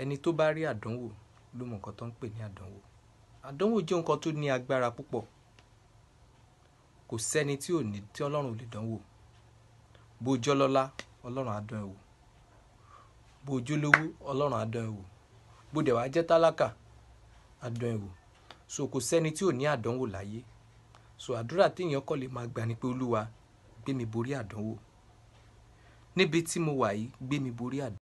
Ẹni tó bá rí àdánwò ló mọ nǹkan tó ń pè ní àdánwò. Àdánwò jẹ́ nǹkan tó ní agbára púpọ̀. Kò sẹ́ni tí ò ní tí Ọlọ́run lè dánwò. Bo jọ́lọ́lá, Ọlọ́run á dán ẹ wò. Ọlọ́run á dán ẹ wò. jẹ́ tálákà, á dán So kò sẹ́ni tí ò ní àdánwò láyé. So àdúrà tí èèyàn kọ́ lè máa gbà ni pé Olúwa gbé mi borí àdánwò. Níbi tí mo wà yìí gbé mi borí àdánwò.